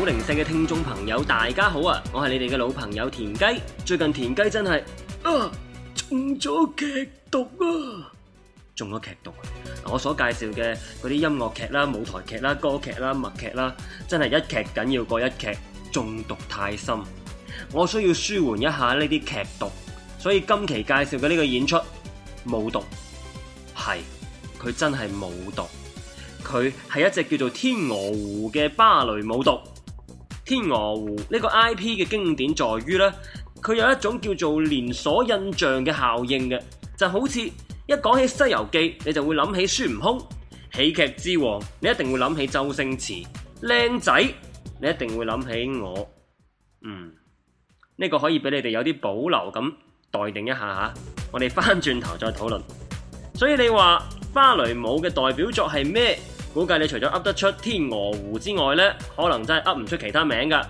好靈性嘅聽眾朋友，大家好啊！我係你哋嘅老朋友田雞。最近田雞真係啊中咗劇毒啊！中咗劇毒。我所介紹嘅嗰啲音樂劇啦、舞台劇啦、歌劇啦、默劇啦，真係一劇緊要過一劇，中毒太深。我需要舒緩一下呢啲劇毒，所以今期介紹嘅呢個演出舞毒，係，佢真係舞毒。佢係一隻叫做天鵝湖嘅芭蕾舞毒。天鵝湖呢個 I P 嘅經典在於呢，佢有一種叫做連鎖印象嘅效應嘅，就是、好似一講起《西遊記》，你就會諗起孫悟空；喜劇之王，你一定會諗起周星馳；靚仔，你一定會諗起我。嗯，呢、呢個可以俾你哋有啲保留咁待定一下吓，我哋翻轉頭再討論。所以你話芭蕾舞嘅代表作係咩？估計你除咗噏得出《天鵝湖》之外呢，可能真係噏唔出其他名嘅。《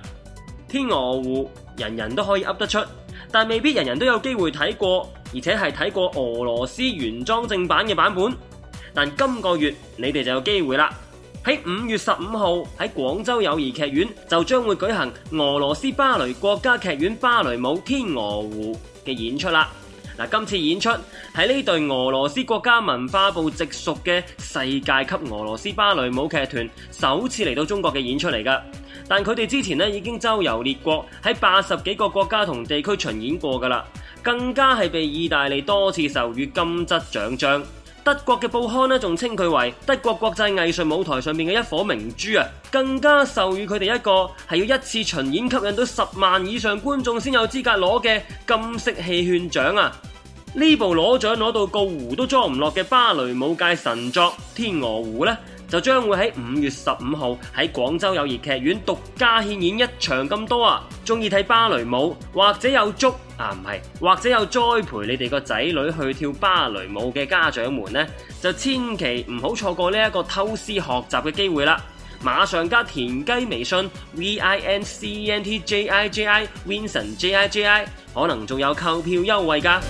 天鵝湖》，人人都可以噏得出，但未必人人都有機會睇過，而且係睇過俄羅斯原裝正版嘅版本。但今個月你哋就有機會啦！喺五月十五號喺廣州友誼劇院就將會舉行俄羅斯芭蕾國家劇院芭蕾舞《天鵝湖》嘅演出啦！嗱，今次演出係呢對俄羅斯國家文化部直屬嘅世界級俄羅斯芭蕾舞劇團首次嚟到中國嘅演出嚟㗎，但佢哋之前咧已經周遊列國，喺八十幾個國家同地區巡演過㗎喇，更加係被意大利多次授予金質獎章。德國嘅報刊咧，仲稱佢為德國國際藝術舞台上面嘅一顆明珠啊！更加授予佢哋一個係要一次巡演吸引到十萬以上觀眾先有資格攞嘅金色戲勸獎啊！呢部攞獎攞到個湖都裝唔落嘅芭蕾舞界神作《天鵝湖》呢，就將會喺五月十五號喺廣州友誼劇院獨家獻演一場咁多啊！中意睇芭蕾舞或者有捉啊，唔係，或者有栽培你哋個仔女去跳芭蕾舞嘅家長們呢，就千祈唔好錯過呢一個偷師學習嘅機會啦！馬上加田雞微信 v i n c n t j i j i winson j i j i，可能仲有購票優惠噶。